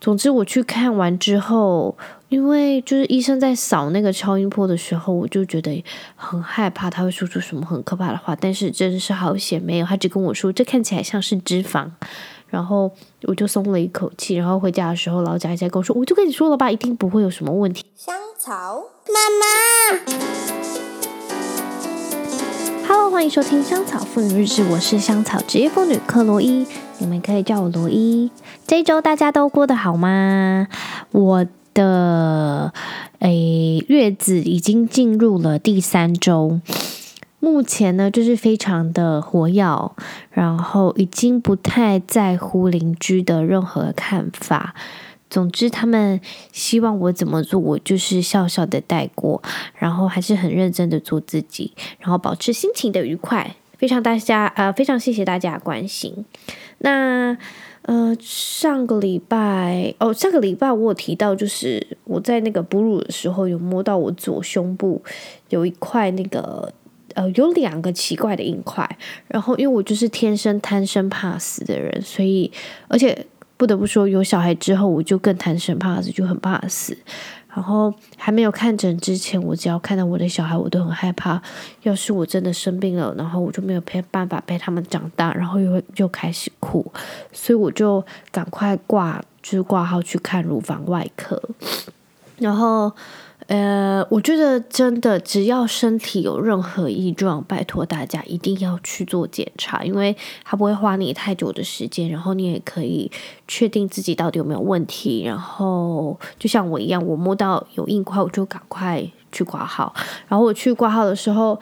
總之我去看完之後，因為就是醫生在掃那個超音波的時候，我就覺得很害怕，他會說出什麼很可怕的話。但是真是好險，沒有，他只跟我說這看起來像是脂肪，然後我就鬆了一口氣。然後回家的時候，老賈還在跟我說，我就跟你說了吧，一定不會有什麼問題。香草媽媽。Hello，歡迎收聽《香草婦女日誌》，我是香草職業婦女克羅伊，你們可以叫我羅伊。這一周大家都過得好嗎？我的誒月子已經進入了第三周，目前呢就是非常的活躍，然後已經不太在乎鄰居的任何看法。總之，他們希望我怎麼做，我就是笑笑的帶過，然後還是很認真的做自己，然後保持心情的愉快。非常大家，呃，非常謝謝大家關心。那，呃，上個禮拜，哦，上個禮拜我有提到，就是我在那個哺乳的時候，有摸到我左胸部有一塊那個，呃，有兩個奇怪的硬塊。然後，因為我就是天生貪生怕死的人，所以，而且。不得不說，有小孩之後，我就更貪生怕死，就很怕死。然後還沒有看診之前，我只要看到我的小孩，我都很害怕。要是我真的生病了，然後我就沒有辦辦法陪他們長大，然後又又開始哭，所以我就趕快掛，就是掛號去看乳房外科。然後。呃，我覺得真的，只要身體有任何異狀，拜托大家一定要去做檢查，因為它不會花你太久的時間，然後你也可以確定自己到底有沒有問題。然後就像我一樣，我摸到有硬塊，我就趕快去掛號。然後我去掛號的時候，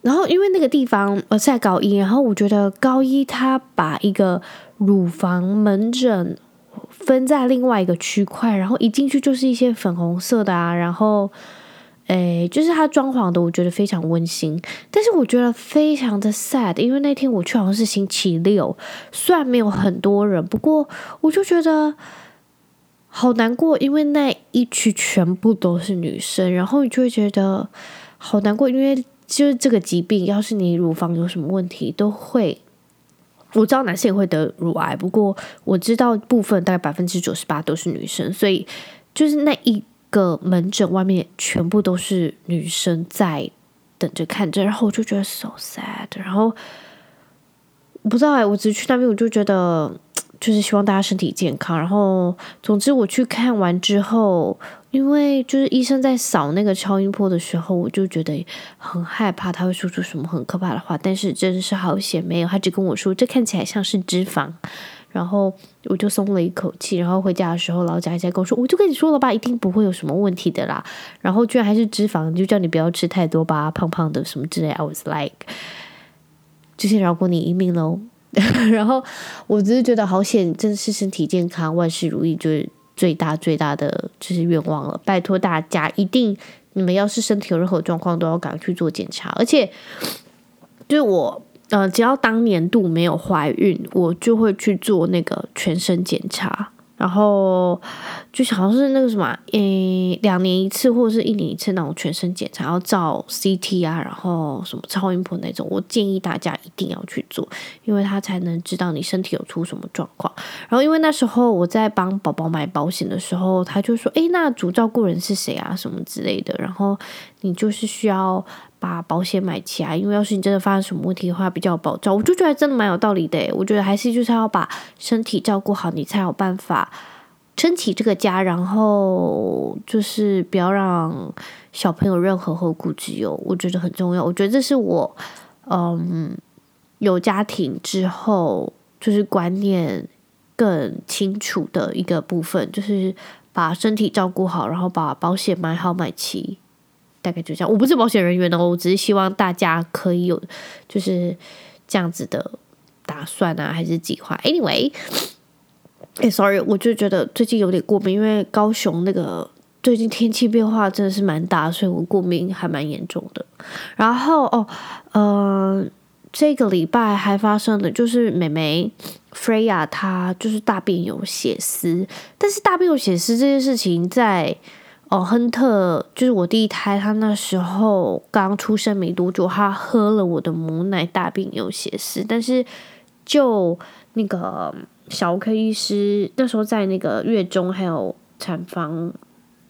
然後因為那個地方呃在高醫，然後我覺得高醫他把一個乳房門診。分在另外一個區塊，然後一進去就是一些粉紅色的啊，然後，誒、哎，就是它裝潢的，我覺得非常溫馨，但是我覺得非常的 sad，因為那天我去好像是星期六，雖然沒有很多人，不過我就覺得好難過，因為那一區全部都是女生，然後你就會覺得好難過，因為就是這個疾病，要是你乳房有什麼問題，都會。我知道男性也會得乳癌，不過我知道部分大概百分之九十八，都是女生，所以就是那一個門診外面全部都是女生在等着看診，然後我就覺得 so sad，然後不知道哎，我只去那邊我就覺得。就是希望大家身體健康。然後，總之我去看完之後，因為就是醫生在掃那個超音波的時候，我就覺得很害怕他會說出什麼很可怕的話。但是真是好險，沒有。他只跟我說這看起來像是脂肪，然後我就鬆了一口氣。然後回家的時候，老賈還在跟我說：“我就跟你說了吧，一定不會有什麼問題的啦。”然後居然還是脂肪，就叫你不要吃太多吧，胖胖的什麼之類。I was like，就先饒過你一命嘍。 然後我只是覺得好險，真是身體健康、萬事如意，就是最大最大的就是願望了。拜托大家，一定你們要是身體有任何狀況，都要趕快去做檢查。而且就是我，呃，只要當年度沒有懷孕，我就會去做那個全身檢查。然後就好像是那個什麼，誒、嗯，兩年一次或者是一年一次那種全身檢查，要照 CT 啊，然後什麼超音波那種，我建議大家一定要去做，因為他才能知道你身體有出什麼狀況。然後因為那時候我在幫寶寶買保險的時候，他就說，誒，那主照顧人是誰啊，什麼之類的，然後你就是需要。把保險買齊啊，因為要是你真的發生什麼問題的話，比較有保障。我就覺得真的蠻有道理的，我覺得還是就是要把身體照顧好，你才有辦法撐起這個家，然後就是不要讓小朋友任何後顧之憂。我覺得很重要，我覺得這是我嗯有家庭之後就是觀念更清楚的一個部分，就是把身體照顧好，然後把保險買好買齊。大概就這樣，我不是保險人員哦，我只是希望大家可以有就是這樣子的打算啊，還是計劃。Anyway，誒，sorry，我就覺得最近有點過敏，因為高雄那個最近天氣變化真的是蠻大，所以我過敏還蠻嚴重的。然後哦，嗯、呃，這個禮拜還發生的就是妹妹 Freya 她就是大便有血絲，但是大便有血絲這件事情在。哦，亨特、oh, 就是我第一胎，他那時候剛出生沒多久，他喝了我的母奶，大便有血絲。但是就那個小兒科醫師，那時候在那個月中還有產房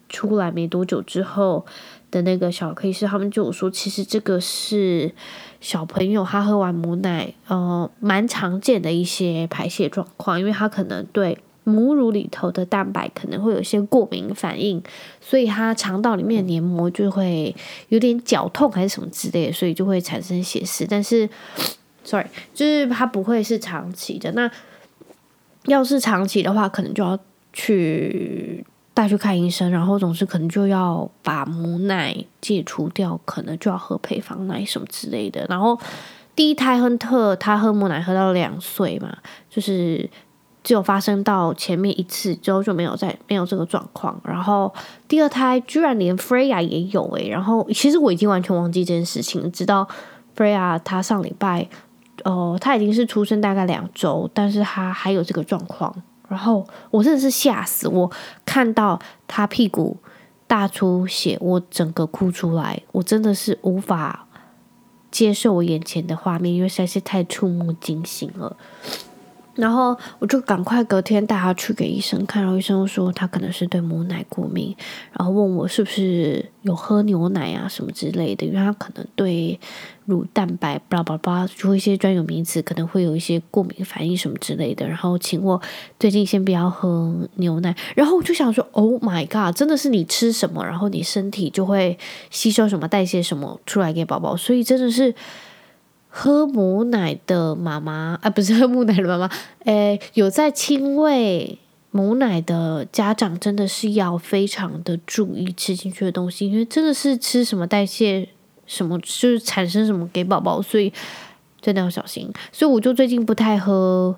出來沒多久之後的那個小兒科醫師，他們就有說，其實這個是小朋友他喝完母奶，呃，蠻常見的一些排泄狀況，因為他可能對。母乳裡頭的蛋白可能會有一些過敏反應，所以他腸道裡面的黏膜就會有點絞痛還是什麼之類的，所以就會產生血絲。但是，sorry，就是它不會是長期的。那要是長期的話，可能就要去帶去看醫生，然後總是可能就要把母奶戒除掉，可能就要喝配方奶什麼之類的。然後第一胎亨特他喝母奶喝到兩歲嘛，就是。只有發生到前面一次，之後就沒有再沒有這個狀況，然後第二胎居然連 Freya 也有誒、欸，然後其實我已經完全忘記這件事情，直到 Freya 她上禮拜，哦、呃，她已經是出生大概兩週，但是她還有這個狀況，然後我真的是嚇死，我看到她屁股大出血，我整個哭出來，我真的是無法接受我眼前的畫面，因為實在是太觸目驚心了。然後我就趕快隔天帶他去給醫生看，然後醫生說他可能是對母奶過敏，然後問我是不是有喝牛奶啊什麼之類的，因為他可能對乳蛋白叭叭說一些專有名詞，可能會有一些過敏反應什麼之類的，然後請我最近先不要喝牛奶。然後我就想說，Oh my God，真的是你吃什麼，然後你身體就會吸收什麼、代謝什麼出來給寶寶，所以真的是。喝母奶的媽媽，啊，不是喝母奶的媽媽，哎，有在親餵母奶的家長，真的是要非常的注意吃進去的東西，因為真的是吃什麼代謝什麼，就是產生什麼給寶寶，所以真的要小心。所以我就最近不太喝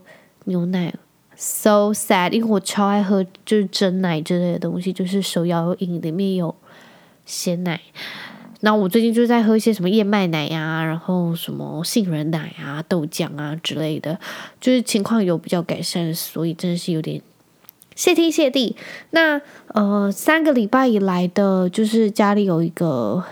牛奶，so sad，因為我超愛喝就是珍奶之類的東西，就是手搖飲裡面有鮮奶。那我最近就是在喝一些什麼燕麥奶呀、啊，然後什麼杏仁奶啊、豆漿啊之類的，就是情況有比較改善，所以真的是有點謝天謝地。那呃，三個禮拜以來的，就是家裡有一個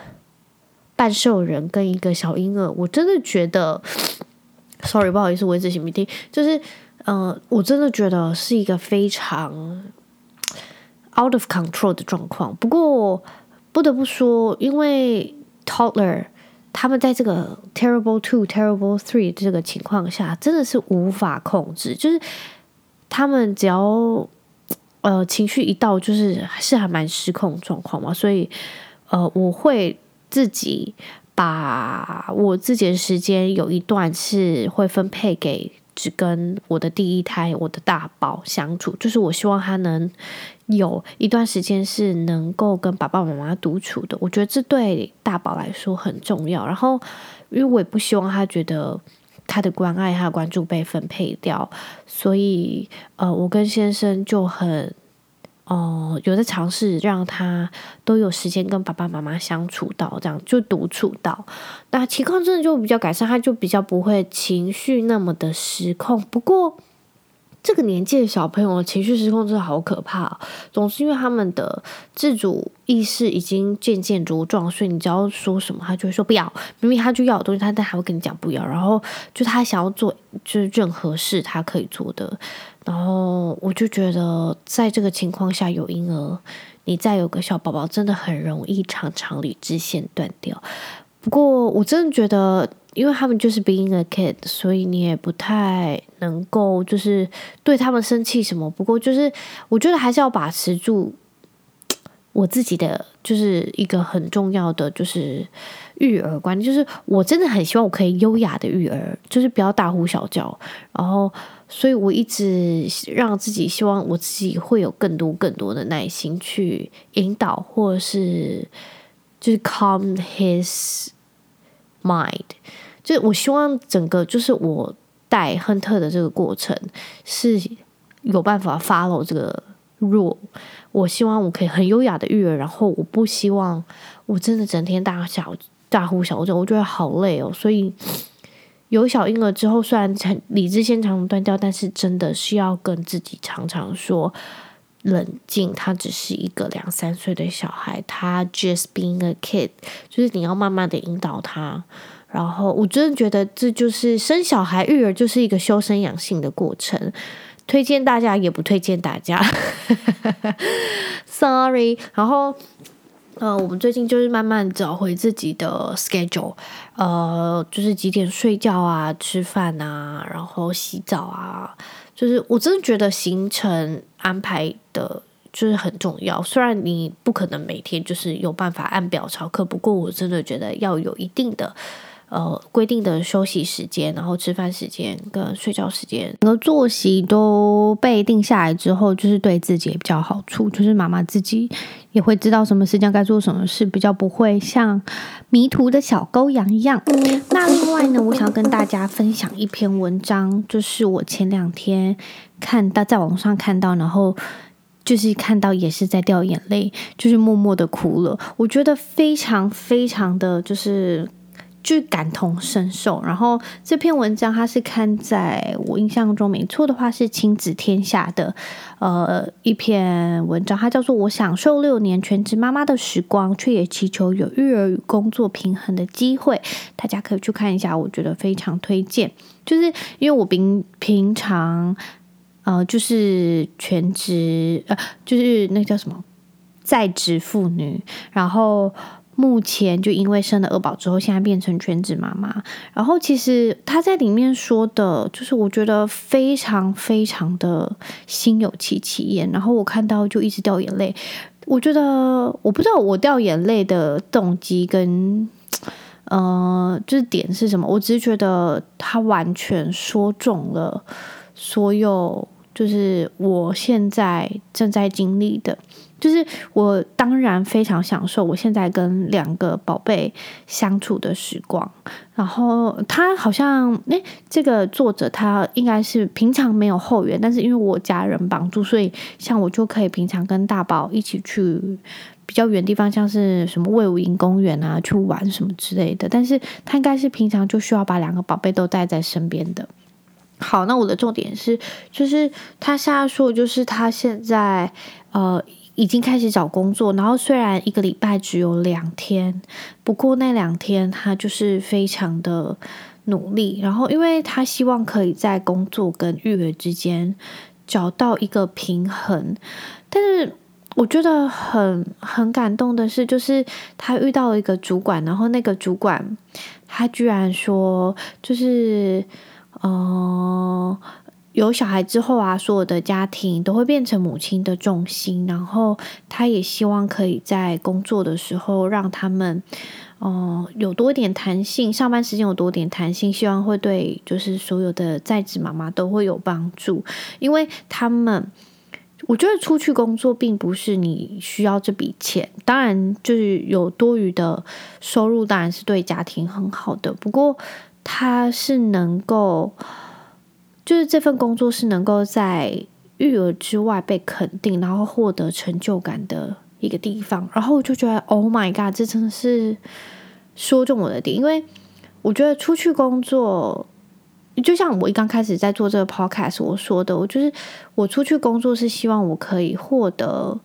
半獸人跟一個小嬰兒，我真的覺得 ，sorry，不好意思，我一直聽沒聽，就是呃，我真的覺得是一個非常 out of control 的狀況，不過。不得不說，因為 toddler 他們在這個 terrible two terrible three 這個情況下，真的是無法控制，就是他們只要呃情緒一到，就是是還蠻失控狀況嘛。所以呃，我會自己把我自己的時間有一段是會分配給只跟我的第一胎我的大寶相處，就是我希望他能。有一段時間是能夠跟爸爸媽媽獨處的，我覺得這對大寶來說很重要。然後，因為我也不希望他覺得他的關愛、他的關注被分配掉，所以呃，我跟先生就很哦、呃，有在嘗試讓他都有時間跟爸爸媽媽相處到這樣，就獨處到。那情況真的就比較改善，他就比較不會情緒那麼的失控。不過。這個年紀的小朋友情緒失控真的好可怕啊，總是因為他們的自主意識已經漸漸茁壯，所以你只要說什麼，他就會說不要。明明他就要的東西，他但還會跟你講不要。然後就他想要做，就是任何事他可以做的。然後我就覺得，在這個情況下有嬰兒，你再有個小寶寶，真的很容易常常理智線斷掉。不過，我真的覺得，因為他們就是 being a kid，所以你也不太能夠就是對他們生氣什麼。不過，就是我覺得還是要把持住我自己的，就是一個很重要的就是育兒觀念。就是我真的很希望我可以優雅的育兒，就是不要大呼小叫。然後，所以我一直讓自己希望我自己會有更多更多的耐心去引導，或者是。就是 calm his mind，就我希望整個就是我帶亨特的這個過程是有辦法 follow 這個 rule。我希望我可以很優雅的育兒，然後我不希望我真的整天大小大呼小叫，我覺得好累哦。所以有小嬰兒之後，雖然很理智線常常斷掉，但是真的是要跟自己常常說。冷靜，他只是一個兩三歲的小孩，他 just being a kid，就是你要慢慢的引導他。然後我真的覺得這就是生小孩育兒就是一個修身養性的過程，推薦大家也不推薦大家 ，sorry。然後呃，我們最近就是慢慢找回自己的 schedule，呃，就是幾點睡覺啊、吃飯啊、然後洗澡啊，就是我真的覺得行程安排。的就是很重要。雖然你不可能每天就是有辦法按表操課，不過我真的覺得要有一定的呃規定的休息時間，然後吃飯時間跟睡覺時間，整個作息都被定下來之後，就是對自己也比較好處。就是媽媽自己也會知道什麼時間該做什麼事，比較不會像迷途的小羔羊一樣。嗯、那另外呢，我想要跟大家分享一篇文章，就是我前兩天看到在網上看到，然後。就是看到也是在掉眼淚，就是默默的哭了。我覺得非常非常的就是就感同身受。然後這篇文章它是看在我印象中沒錯的話是親子天下的呃一篇文章，它叫做《我享受六年全職媽媽的時光，卻也祈求有育兒與工作平衡的機會》。大家可以去看一下，我覺得非常推薦。就是因為我平平常。呃，就是全職，呃，就是那個叫什麼在職婦女，然後目前就因為生了二寶之後，現在變成全職媽媽。然後其實她在裡面說的，就是我覺得非常非常的心有戚戚焉。然後我看到就一直掉眼淚。我覺得我不知道我掉眼淚的動機跟呃，就是點是什麼。我只是覺得她完全說中了所有。就是我現在正在經歷的，就是我當然非常享受我現在跟兩個寶貝相處的時光。然後他好像誒，這個作者他應該是平常沒有後援，但是因為我家人幫助，所以像我就可以平常跟大寶一起去比較遠的地方，像是什麼衛武營公園啊，去玩什麼之類的。但是他應該是平常就需要把兩個寶貝都帶在身邊的。好，那我的重點是，就是他下說，就是他現在，呃，已經開始找工作。然後雖然一個禮拜只有兩天，不過那兩天他就是非常的努力。然後，因為他希望可以在工作跟育兒之間找到一個平衡。但是我覺得很很感動的是，就是他遇到了一個主管，然後那個主管他居然說，就是。哦、呃，有小孩之後啊，所有的家庭都會變成母親的重心。然後，他也希望可以在工作的時候讓他們，哦、呃，有多一點彈性，上班時間有多一點彈性。希望會對就是所有的在職媽媽都會有幫助，因為他們，我覺得出去工作並不是你需要這筆錢。當然，就是有多餘的收入，當然是對家庭很好的。不過，他是能夠，就是這份工作是能夠在育兒之外被肯定，然後獲得成就感的一個地方。然後我就覺得，Oh my god，這真的是說中我的點，因為我覺得出去工作，就像我一剛開始在做這個 podcast 我說的，我就是我出去工作是希望我可以獲得。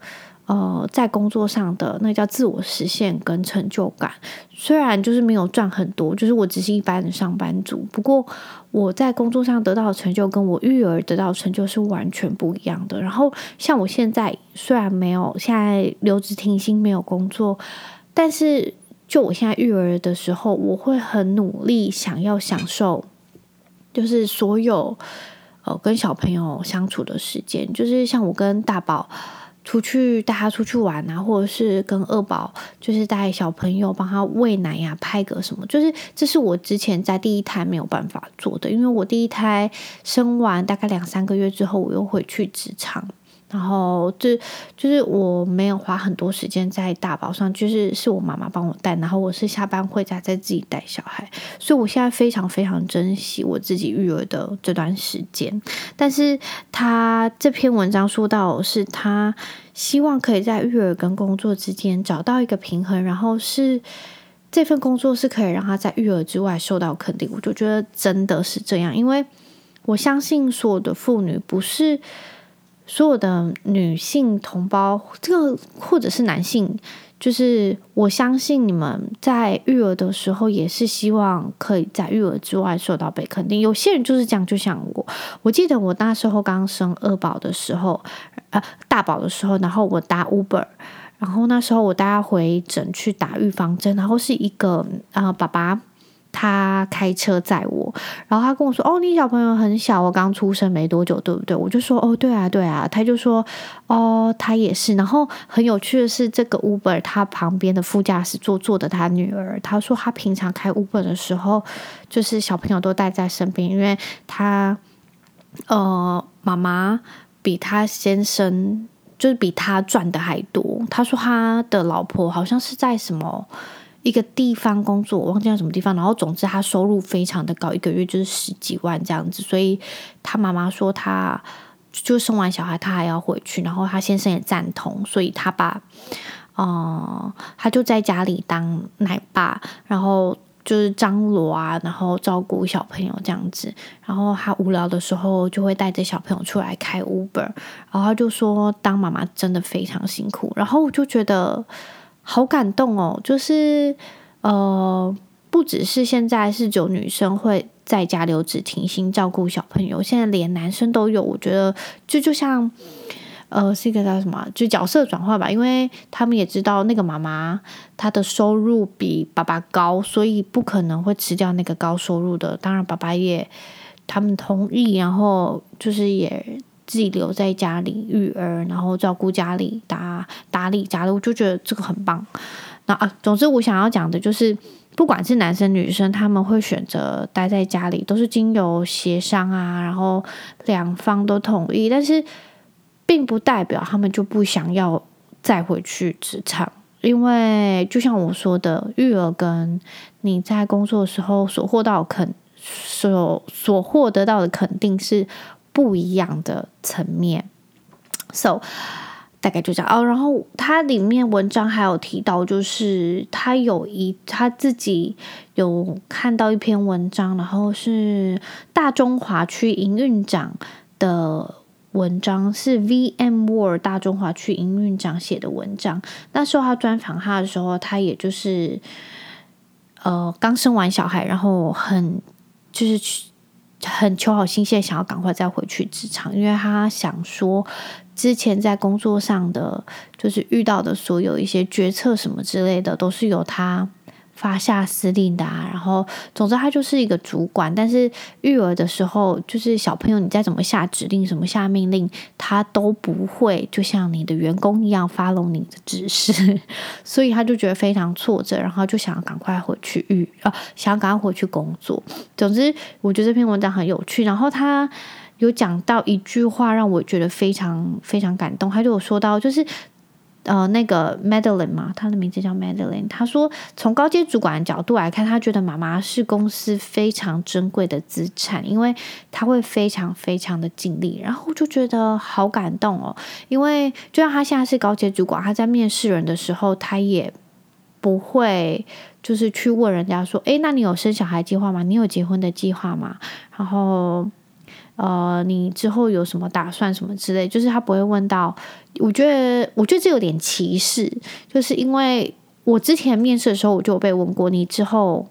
呃，在工作上的那叫自我實現跟成就感，雖然就是沒有賺很多，就是我只是一般的上班族。不過我在工作上得到的成就，跟我育兒得到的成就，是完全不一樣的。然後像我現在雖然沒有現在留職停薪，沒有工作，但是就我現在育兒的時候，我會很努力，想要享受就是所有呃跟小朋友相處的時間，就是像我跟大寶。出去帶他出去玩啊，或者是跟二寶，就是帶小朋友幫他餵奶呀、啊，拍嗝什麼，就是這是我之前在第一胎沒有辦法做的，因為我第一胎生完大概兩三個月之後，我又回去職場。然後，這就是我沒有花很多時間在大寶上，就是是我媽媽幫我帶，然後我是下班回家再自己帶小孩，所以我現在非常非常珍惜我自己育兒的這段時間。但是他這篇文章說到，是他希望可以在育兒跟工作之間找到一個平衡，然後是這份工作是可以讓他在育兒之外受到肯定。我就覺得真的是這樣，因為我相信所有的婦女不是。所有的女性同胞，這個或者是男性，就是我相信你們在育兒的時候，也是希望可以在育兒之外受到被肯定。有些人就是這樣，就像我，我記得我那時候剛生二寶的時候，啊、呃，大寶的時候，然後我搭 Uber，然後那時候我帶他回診去打預防針，然後是一個啊、呃、爸爸。他開車載我，然後他跟我說：“哦，你小朋友很小，我剛出生沒多久，對不對？”我就說：“哦，對啊，對啊。”他就說：“哦，他也是。”然後很有趣的是，這個 Uber 他旁邊的副駕駛座坐的他女兒。他說他平常開 Uber 的時候，就是小朋友都帶在身邊，因為他呃媽媽比他先生就是比他賺的還多。他說他的老婆好像是在什麼。一個地方工作，我忘記在什麼地方。然後，總之他收入非常的高，一個月就是十幾萬這樣子。所以，他媽媽說他就生完小孩，他還要回去。然後，他先生也贊同，所以他爸，哦、嗯，他就在家裡當奶爸，然後就是張羅啊，然後照顧小朋友這樣子。然後他無聊的時候，就會帶着小朋友出來開 Uber。然後他就說當媽媽真的非常辛苦。然後我就覺得。好感動哦，就是，呃，不只是現在是只有女生會在家留職停薪照顧小朋友，現在連男生都有。我覺得就就像，呃，是一個叫什麼，就角色轉換吧。因為他們也知道那個媽媽她的收入比爸爸高，所以不可能會吃掉那個高收入的。當然，爸爸也他們同意，然後就是也自己留在家裡育兒，然後照顧家裡，打打理家裡，我就覺得這個很棒。那啊，總之我想要講的就是，不管是男生女生，他們會選擇待在家裡，都是經由協商啊，然後兩方都同意。但是，並不代表他們就不想要再回去職場，因為就像我說的，育兒跟你在工作的時候所獲到肯，所所獲得到的肯定是不一樣的層面，so 大概就這樣哦。Oh, 然後他裡面文章還有提到，就是他有一他自己有看到一篇文章，然後是大中華區營運長的文章，是 VMWorld 大中華區營運長寫的文章。那時候他專訪他的時候，他也就是呃剛生完小孩，然後很就是很求好心切，想要趕快再回去職場，因為他想說，之前在工作上的就是遇到的所有一些決策什麼之類的，都是由他。發下司令的啊，然後總之他就是一個主管，但是育兒的時候，就是小朋友你再怎麼下指令、什麼下命令，他都不會就像你的員工一樣 follow 你的指示， 所以他就覺得非常挫折，然後就想要趕快回去育啊，想要趕快回去工作。總之，我覺得這篇文章很有趣，然後他有講到一句話，讓我覺得非常非常感動，他就有說到，就是。呃，那個 Madeline 嘛，她的名字叫 Madeline。她說，從高階主管的角度來看，她覺得媽媽是公司非常珍貴的資產，因為她會非常非常的盡力。然後我就覺得好感動哦，因為就像她現在是高階主管，她在面試人的時候，她也不會就是去問人家說，誒，那你有生小孩計劃嗎？你有結婚的計劃嗎？然後。呃，你之後有什麼打算什麼之類，就是他不會問到。我覺得，我覺得這有點歧視，就是因為我之前面試的時候，我就被問過你之後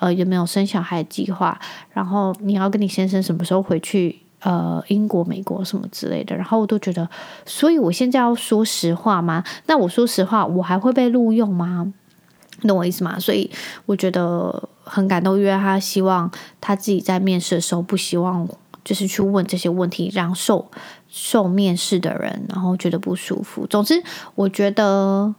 呃有沒有生小孩計劃，然後你要跟你先生什麼時候回去呃英國、美國什麼之類的，然後我都覺得，所以我現在要說實話嗎？那我說實話，我還會被錄用嗎？懂我意思嗎？所以我覺得很感動，因為他希望他自己在面試的時候不希望。就是去問這些問題，讓受受面試的人，然後覺得不舒服。總之，我覺得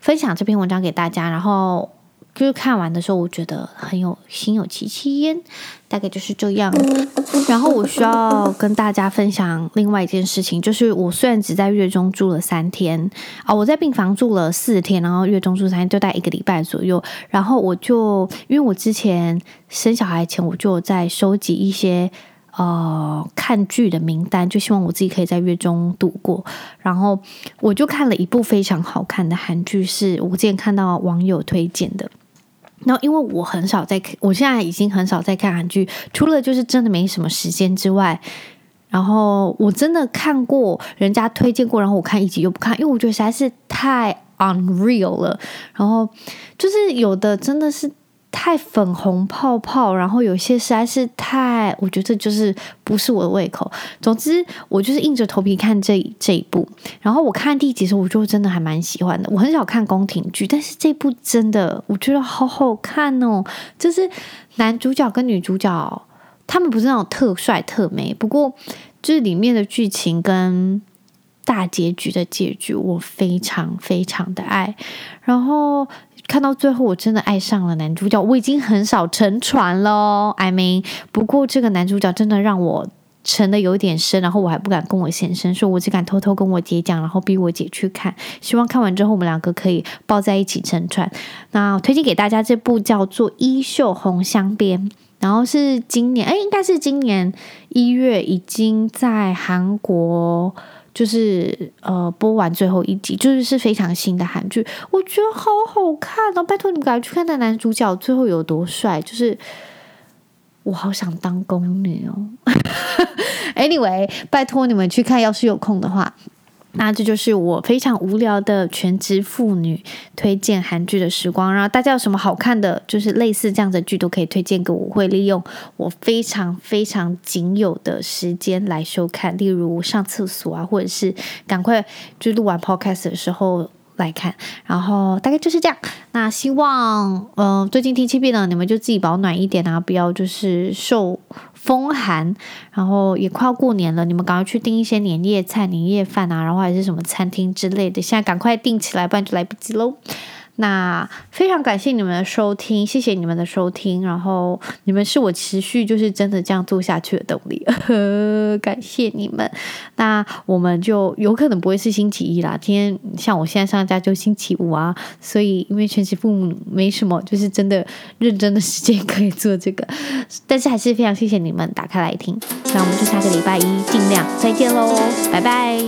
分享這篇文章給大家，然後。就是看完的時候，我覺得很有心有戚戚焉，大概就是這樣。然後我需要跟大家分享另外一件事情，就是我雖然只在月中住了三天啊、呃，我在病房住了四天，然後月中住三天就待一個禮拜左右。然後我就因為我之前生小孩前，我就在收集一些呃看劇的名單，就希望我自己可以在月中度過。然後我就看了一部非常好看的韓劇，是我之前看到網友推薦的。然後因為我很少在看，我現在已經很少在看韓劇，除了就是真的沒什麼時間之外，然後我真的看過，人家推薦過，然後我看一集又不看，因為我覺得實在是太 unreal 了，然後就是有的真的是。太粉紅泡泡，然後有些實在是太，我覺得這就是不是我的胃口。總之，我就是硬着頭皮看這這一部。然後我看第幾集，我就真的還蠻喜歡的。我很少看宮廷劇，但是這部真的我覺得好好看哦。就是男主角跟女主角，他們不是那種特帥特美，不過就是裡面的劇情跟大結局的結局，我非常非常的愛。然後。看到最後，我真的愛上了男主角。我已經很少沉船了，I mean。不過這個男主角真的讓我沉得有點深，然後我還不敢跟我先生說，我只敢偷偷跟我姐姐講，然後逼我姐去看。希望看完之後我們兩個可以抱在一起沉船。那我推薦給大家這部叫做《衣袖紅鑲邊》，然後是今年，哎，應該是今年一月已經在韓國。就是呃播完最後一集，就是是非常新的韓劇，我覺得好好看哦，拜托你們趕緊去看，那男主角最後有多帥，就是我好想當宮女哦。 anyway，拜托你們去看，要是有空的話。那這就是我非常無聊的全職婦女推薦韓劇的時光。然後大家有什麼好看的就是類似這樣的劇都可以推薦給我，我會利用我非常非常僅有的時間來收看，例如上廁所啊，或者是趕快就錄完 podcast 的時候來看。然後大概就是這樣。那希望嗯、呃，最近天氣變冷，你們就自己保暖一點啊，不要就是受。風寒，然後也快過年了，你們趕快去訂一些年夜菜、年夜飯啊，然後還是什麼餐廳之類的，現在趕快訂起來，不然就來不及嘍。那非常感謝你們的收聽，謝謝你們的收聽，然後你們是我持續就是真的這樣做下去的動力呵呵，感謝你們。那我們就有可能不會是星期一啦，今天像我現在上架就星期五啊，所以因為全職父母沒什麼，就是真的認真的時間可以做這個，但是還是非常謝謝你們打開來聽，那我們就下個禮拜一盡量再見嘍，拜拜。